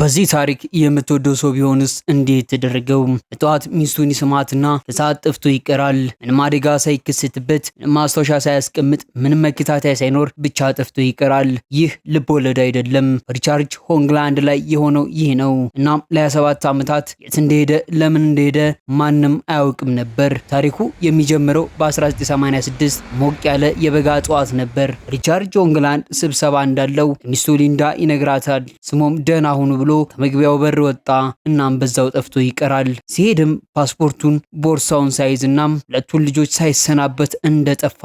በዚህ ታሪክ የምትወደው ሰው ቢሆንስ እንዴት ተደረገው? በጠዋት ሚስቱን ይስማትና ከሰዓት ጠፍቶ ይቀራል። ምንም አደጋ ሳይከሰትበት፣ ምንም ማስታወሻ ሳያስቀምጥ፣ ምንም መከታተያ ሳይኖር ብቻ ጠፍቶ ይቀራል። ይህ ልብ ወለድ አይደለም። ሪቻርድ ሆግላንድ ላይ የሆነው ይህ ነው። እናም ለ27 ዓመታት የት እንደሄደ ለምን እንደሄደ ማንም አያውቅም ነበር። ታሪኩ የሚጀምረው በ1986 ሞቅ ያለ የበጋ ጠዋት ነበር። ሪቻርድ ሆግላንድ ስብሰባ እንዳለው ሚስቱ ሊንዳ ይነግራታል። ስሞም ደህና ሁኑ ብሎ ከመግቢያው በር ወጣ። እናም በዛው ጠፍቶ ይቀራል። ሲሄድም ፓስፖርቱን ቦርሳውን ሳይዝ እናም ሁለቱን ልጆች ሳይሰናበት እንደጠፋ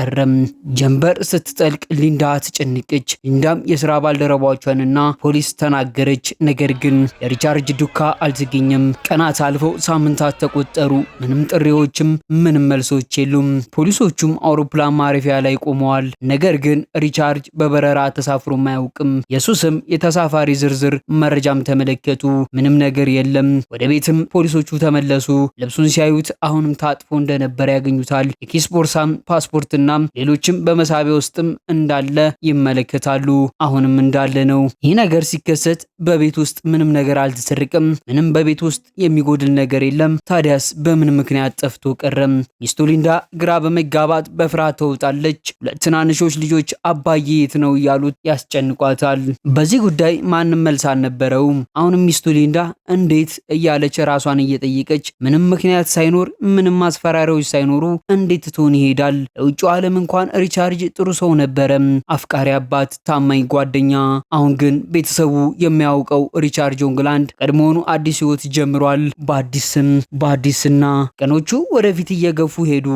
አልቀረም። ጀንበር ስትጠልቅ ሊንዳ ትጨንቀች ሊንዳም የስራ ባልደረባቿንና ፖሊስ ተናገረች። ነገር ግን የሪቻርድ ዱካ አልተገኘም። ቀናት አልፈው ሳምንታት ተቆጠሩ። ምንም ጥሪዎችም ምንም መልሶች የሉም። ፖሊሶቹም አውሮፕላን ማረፊያ ላይ ቆመዋል። ነገር ግን ሪቻርድ በበረራ ተሳፍሮም አያውቅም። የሱ ስም የተሳፋሪ ዝርዝር መረጃም ተመለከቱ። ምንም ነገር የለም። ወደ ቤትም ፖሊሶቹ ተመለሱ። ልብሱን ሲያዩት አሁንም ታጥፎ እንደነበረ ያገኙታል። የኪስ ቦርሳም ፓስፖርት ውስጥና ሌሎችም በመሳቢያ ውስጥም እንዳለ ይመለከታሉ። አሁንም እንዳለ ነው። ይህ ነገር ሲከሰት በቤት ውስጥ ምንም ነገር አልተሰርቅም፣ ምንም በቤት ውስጥ የሚጎድል ነገር የለም። ታዲያስ በምን ምክንያት ጠፍቶ ቀረም? ሚስቱ ሊንዳ ግራ በመጋባት በፍርሃት ተውጣለች። ሁለት ትናንሾች ልጆች አባዬ የት ነው እያሉት ያስጨንቋታል። በዚህ ጉዳይ ማንም መልስ አልነበረውም። አሁንም ሚስቱ ሊንዳ እንዴት እያለች ራሷን እየጠየቀች ምንም ምክንያት ሳይኖር ምንም ማስፈራሪያዎች ሳይኖሩ እንዴት ትሆን ይሄዳል ለውጭ ዓለም እንኳን ሪቻርጅ ጥሩ ሰው ነበረ፣ አፍቃሪ አባት፣ ታማኝ ጓደኛ። አሁን ግን ቤተሰቡ የሚያውቀው ሪቻርድ ጆንግላንድ ቀድሞውኑ አዲስ ህይወት ጀምሯል። በአዲስ ስም በአዲስና ቀኖቹ ወደፊት እየገፉ ሄዱ።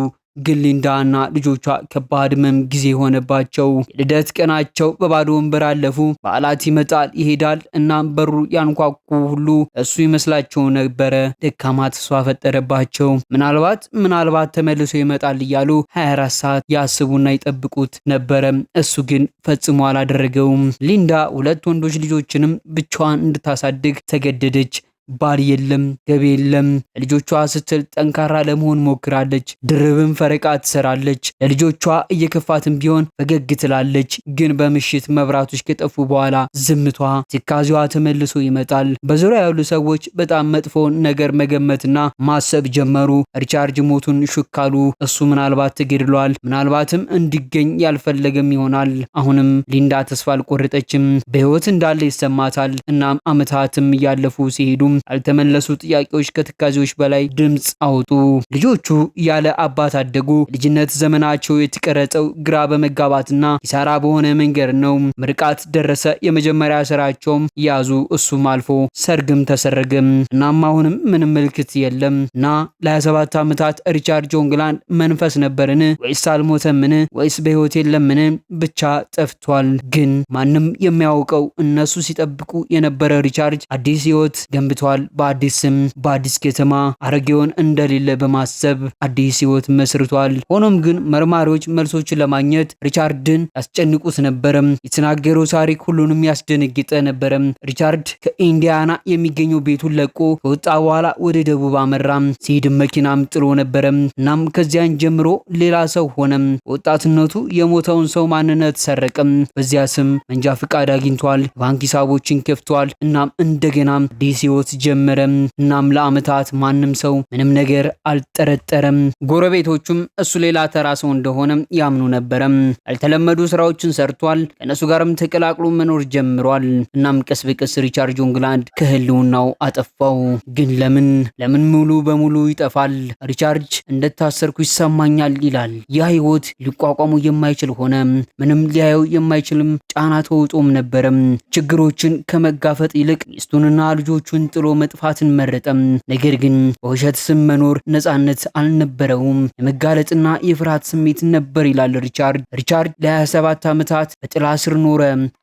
ግሊንዳ እና ልጆቿ ከባድ ህመም ጊዜ የሆነባቸው የልደት ቀናቸው በባዶ ወንበር አለፉ። በዓላት ይመጣል ይሄዳል። እናም በሩ ያንኳኩ ሁሉ እሱ ይመስላቸው ነበረ። ደካማ ተስፋ ፈጠረባቸው። ምናልባት ምናልባት ተመልሶ ይመጣል እያሉ 24 ሰዓት ያስቡና ይጠብቁት ነበረ። እሱ ግን ፈጽሞ አላደረገውም። ሊንዳ ሁለት ወንዶች ልጆችንም ብቻዋን እንድታሳድግ ተገደደች። ባል የለም፣ ገቢ የለም። ለልጆቿ ስትል ጠንካራ ለመሆን ሞክራለች። ድርብም ፈረቃ ትሰራለች። ለልጆቿ እየከፋትም ቢሆን ፈገግ ትላለች። ግን በምሽት መብራቶች ከጠፉ በኋላ ዝምቷ፣ ትካዜዋ ተመልሶ ይመጣል። በዙሪያ ያሉ ሰዎች በጣም መጥፎ ነገር መገመትና ማሰብ ጀመሩ። ሪቻርድ ሞቱን ሹካሉ። እሱ ምናልባት ተገድሏል፣ ምናልባትም እንዲገኝ ያልፈለገም ይሆናል። አሁንም ሊንዳ ተስፋ አልቆረጠችም። በህይወት እንዳለ ይሰማታል። እናም አመታትም እያለፉ ሲሄዱም ያልተመለሱ ጥያቄዎች ከትካዜዎች በላይ ድምፅ አውጡ። ልጆቹ ያለ አባት አደጉ። ልጅነት ዘመናቸው የተቀረጸው ግራ በመጋባትና ኪሳራ በሆነ መንገድ ነው። ምርቃት ደረሰ። የመጀመሪያ ስራቸውም ያዙ። እሱም አልፎ ሰርግም ተሰረገም። እናም አሁንም ምንም ምልክት የለም እና ለ27 ዓመታት ሪቻርድ ጆንግላንድ መንፈስ ነበርን ወይስ አልሞተምን ወይስ በህይወት የለምን? ብቻ ጠፍቷል። ግን ማንም የሚያውቀው እነሱ ሲጠብቁ የነበረ ሪቻርድ አዲስ ህይወት ገንብቷል። ተሰጥቷል። በአዲስ ስም በአዲስ ከተማ አረጌውን እንደሌለ በማሰብ አዲስ ህይወት መስርቷል። ሆኖም ግን መርማሪዎች መልሶችን ለማግኘት ሪቻርድን ያስጨንቁት ነበረም። የተናገረው ታሪክ ሁሉንም ያስደነግጠ ነበረም። ሪቻርድ ከኢንዲያና የሚገኘው ቤቱን ለቆ ከወጣ በኋላ ወደ ደቡብ አመራም። ሲሄድ መኪናም ጥሎ ነበረም። እናም ከዚያን ጀምሮ ሌላ ሰው ሆነም። ወጣትነቱ የሞተውን ሰው ማንነት ሰረቅም። በዚያ ስም መንጃ ፍቃድ አግኝቷል። ባንክ ሂሳቦችን ከፍቷል። እናም እንደገናም አዲስ ህይወት ጀመረም። እናም ለአመታት ማንም ሰው ምንም ነገር አልጠረጠረም። ጎረቤቶቹም እሱ ሌላ ተራ ሰው እንደሆነ ያምኑ ነበረም። ያልተለመዱ ስራዎችን ሰርቷል። ከእነሱ ጋርም ተቀላቅሎ መኖር ጀምሯል። እናም ቀስ በቀስ ሪቻርድ ጆንግላንድ ከህልውናው አጠፋው። ግን ለምን ለምን ሙሉ በሙሉ ይጠፋል? ሪቻርድ እንደታሰርኩ ይሰማኛል ይላል። ያ ህይወት ሊቋቋሙ የማይችል ሆነ። ምንም ሊያየው የማይችልም ጫና ተውጦም ነበረም። ችግሮችን ከመጋፈጥ ይልቅ ሚስቱንና ልጆቹን ጥሎ ተከትሎ መጥፋትን መረጠም። ነገር ግን በውሸት ስም መኖር ነጻነት አልነበረውም፣ የመጋለጥና የፍርሃት ስሜት ነበር ይላል ሪቻርድ። ሪቻርድ ለ27 ዓመታት በጥላ ስር ኖረ።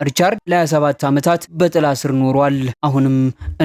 ሪቻርድ ለ27 ዓመታት በጥላ ስር ኖሯል። አሁንም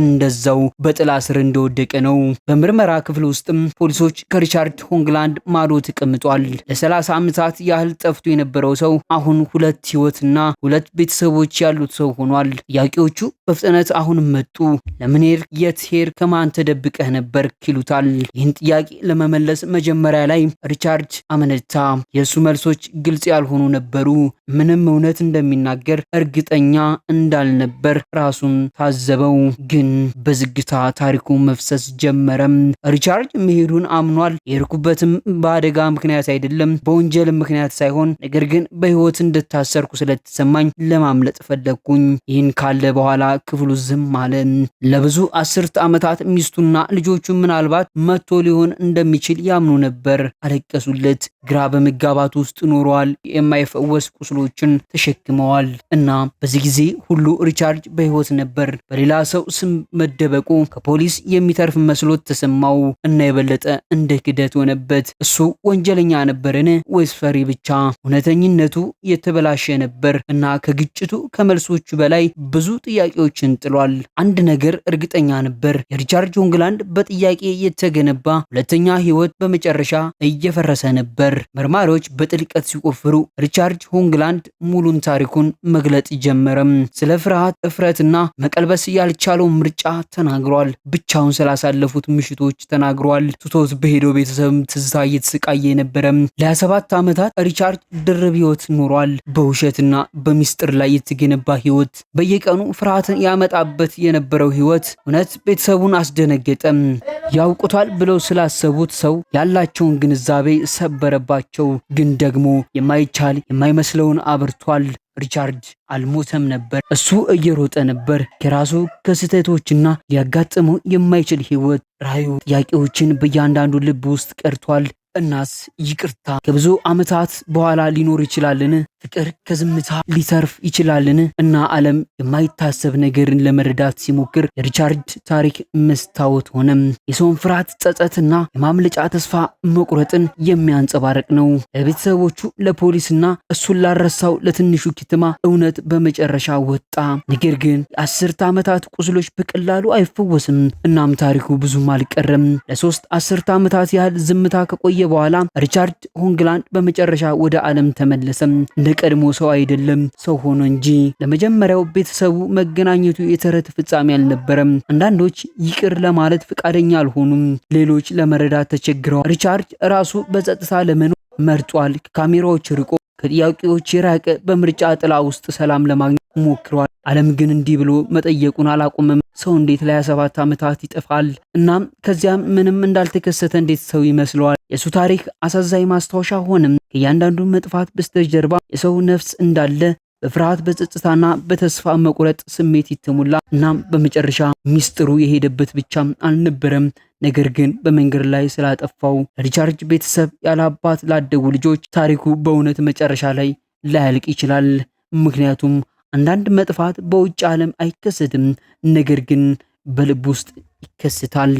እንደዛው በጥላ ስር እንደወደቀ ነው። በምርመራ ክፍል ውስጥም ፖሊሶች ከሪቻርድ ሆንግላንድ ማዶ ተቀምጧል። ለ30 ዓመታት ያህል ጠፍቶ የነበረው ሰው አሁን ሁለት ህይወትና ሁለት ቤተሰቦች ያሉት ሰው ሆኗል። ጥያቄዎቹ በፍጥነት አሁንም መጡ። ለምን የት ሄድ ከማን ተደብቀህ ነበር ይሉታል። ይህን ጥያቄ ለመመለስ መጀመሪያ ላይ ሪቻርድ አመነታ። የእሱ መልሶች ግልጽ ያልሆኑ ነበሩ። ምንም እውነት እንደሚናገር እርግጠኛ እንዳልነበር ራሱን ታዘበው። ግን በዝግታ ታሪኩ መፍሰስ ጀመረም። ሪቻርድ መሄዱን አምኗል። የሄድኩበትም በአደጋ ምክንያት አይደለም፣ በወንጀል ምክንያት ሳይሆን፣ ነገር ግን በህይወት እንደታሰርኩ ስለተሰማኝ ለማምለጥ ፈለግኩኝ። ይህን ካለ በኋላ ክፍሉ ዝም አለ። ለብዙ አስርት ዓመታት ሚስቱና ልጆቹ ምናልባት መጥቶ ሊሆን እንደሚችል ያምኑ ነበር። አለቀሱለት። ግራ በመጋባት ውስጥ ኖረዋል። የማይፈወስ ቁስሉ ምስጢሮችን ተሸክመዋል እና በዚህ ጊዜ ሁሉ ሪቻርድ በህይወት ነበር። በሌላ ሰው ስም መደበቁ ከፖሊስ የሚተርፍ መስሎት ተሰማው እና የበለጠ እንደ ክደት ሆነበት። እሱ ወንጀለኛ ነበርን ወይስ ፈሪ ብቻ? እውነተኝነቱ የተበላሸ ነበር እና ከግጭቱ ከመልሶቹ በላይ ብዙ ጥያቄዎችን ጥሏል። አንድ ነገር እርግጠኛ ነበር፣ የሪቻርድ ሆንግላንድ በጥያቄ የተገነባ ሁለተኛ ህይወት በመጨረሻ እየፈረሰ ነበር። መርማሪዎች በጥልቀት ሲቆፍሩ ሪቻርድ ሆንግላንድ ሆላንድ ሙሉን ታሪኩን መግለጥ ጀመረም። ስለ ፍርሃት እፍረትና መቀልበስ ያልቻለው ምርጫ ተናግሯል። ብቻውን ስላሳለፉት ምሽቶች ተናግሯል። ትቶት በሄደው ቤተሰብም ትዝታ እየተሰቃየ የነበረ ለ27 ዓመታት ሪቻርድ ድርብ ህይወት ኖሯል። በውሸትና በሚስጥር ላይ የተገነባ ህይወት፣ በየቀኑ ፍርሃትን ያመጣበት የነበረው ህይወት እውነት ቤተሰቡን አስደነገጠም። ያውቁታል ብለው ስላሰቡት ሰው ያላቸውን ግንዛቤ ሰበረባቸው። ግን ደግሞ የማይቻል የማይመስለውን ጥረቱን አብርቷል። ሪቻርድ አልሞተም ነበር። እሱ እየሮጠ ነበር። ከራሱ ከስህተቶችና ሊያጋጥመው የማይችል ህይወት ራዩ ጥያቄዎችን በእያንዳንዱ ልብ ውስጥ ቀርቷል። እናስ ይቅርታ ከብዙ ዓመታት በኋላ ሊኖር ይችላልን? ፍቅር ከዝምታ ሊተርፍ ይችላልን? እና ዓለም የማይታሰብ ነገርን ለመረዳት ሲሞክር የሪቻርድ ታሪክ መስታወት ሆነም። የሰውን ፍርሃት፣ ጸጸትና የማምለጫ ተስፋ መቁረጥን የሚያንጸባርቅ ነው። ለቤተሰቦቹ፣ ለፖሊስና እሱን ላረሳው ለትንሹ ኪትማ እውነት በመጨረሻ ወጣ። ነገር ግን የአስርተ ዓመታት ቁስሎች በቀላሉ አይፈወስም። እናም ታሪኩ ብዙም አልቀረም። ለሶስት አስርተ ዓመታት ያህል ዝምታ ከቆየ በኋላ ሪቻርድ ሆንግላንድ በመጨረሻ ወደ ዓለም ተመለሰም። እንደ ቀድሞ ሰው አይደለም ሰው ሆኖ እንጂ። ለመጀመሪያው ቤተሰቡ መገናኘቱ የተረት ፍጻሜ አልነበረም። አንዳንዶች ይቅር ለማለት ፈቃደኛ አልሆኑም፣ ሌሎች ለመረዳት ተቸግረዋል። ሪቻርድ ራሱ በጸጥታ ለመኖር መርጧል። ከካሜራዎች ርቆ ከጥያቄዎች የራቀ በምርጫ ጥላ ውስጥ ሰላም ለማግኘት ሞክሯል። ዓለም ግን እንዲህ ብሎ መጠየቁን አላቆመም። ሰው እንዴት ለ27 ዓመታት ይጠፋል? እናም ከዚያም ምንም እንዳልተከሰተ እንዴት ሰው ይመስለዋል? የእሱ ታሪክ አሳዛኝ ማስታወሻ ሆነም። ከእያንዳንዱ መጥፋት በስተጀርባ የሰው ነፍስ እንዳለ በፍርሃት በጸጥታና በተስፋ መቁረጥ ስሜት ይተሙላ። እናም በመጨረሻ ሚስጥሩ የሄደበት ብቻም አልነበረም፣ ነገር ግን በመንገድ ላይ ስላጠፋው ለሪቻርድ ቤተሰብ ያለ አባት ላደጉ ልጆች ታሪኩ በእውነት መጨረሻ ላይ ላያልቅ ይችላል። ምክንያቱም አንዳንድ መጥፋት በውጭ ዓለም አይከሰትም፣ ነገር ግን በልብ ውስጥ ይከሰታል።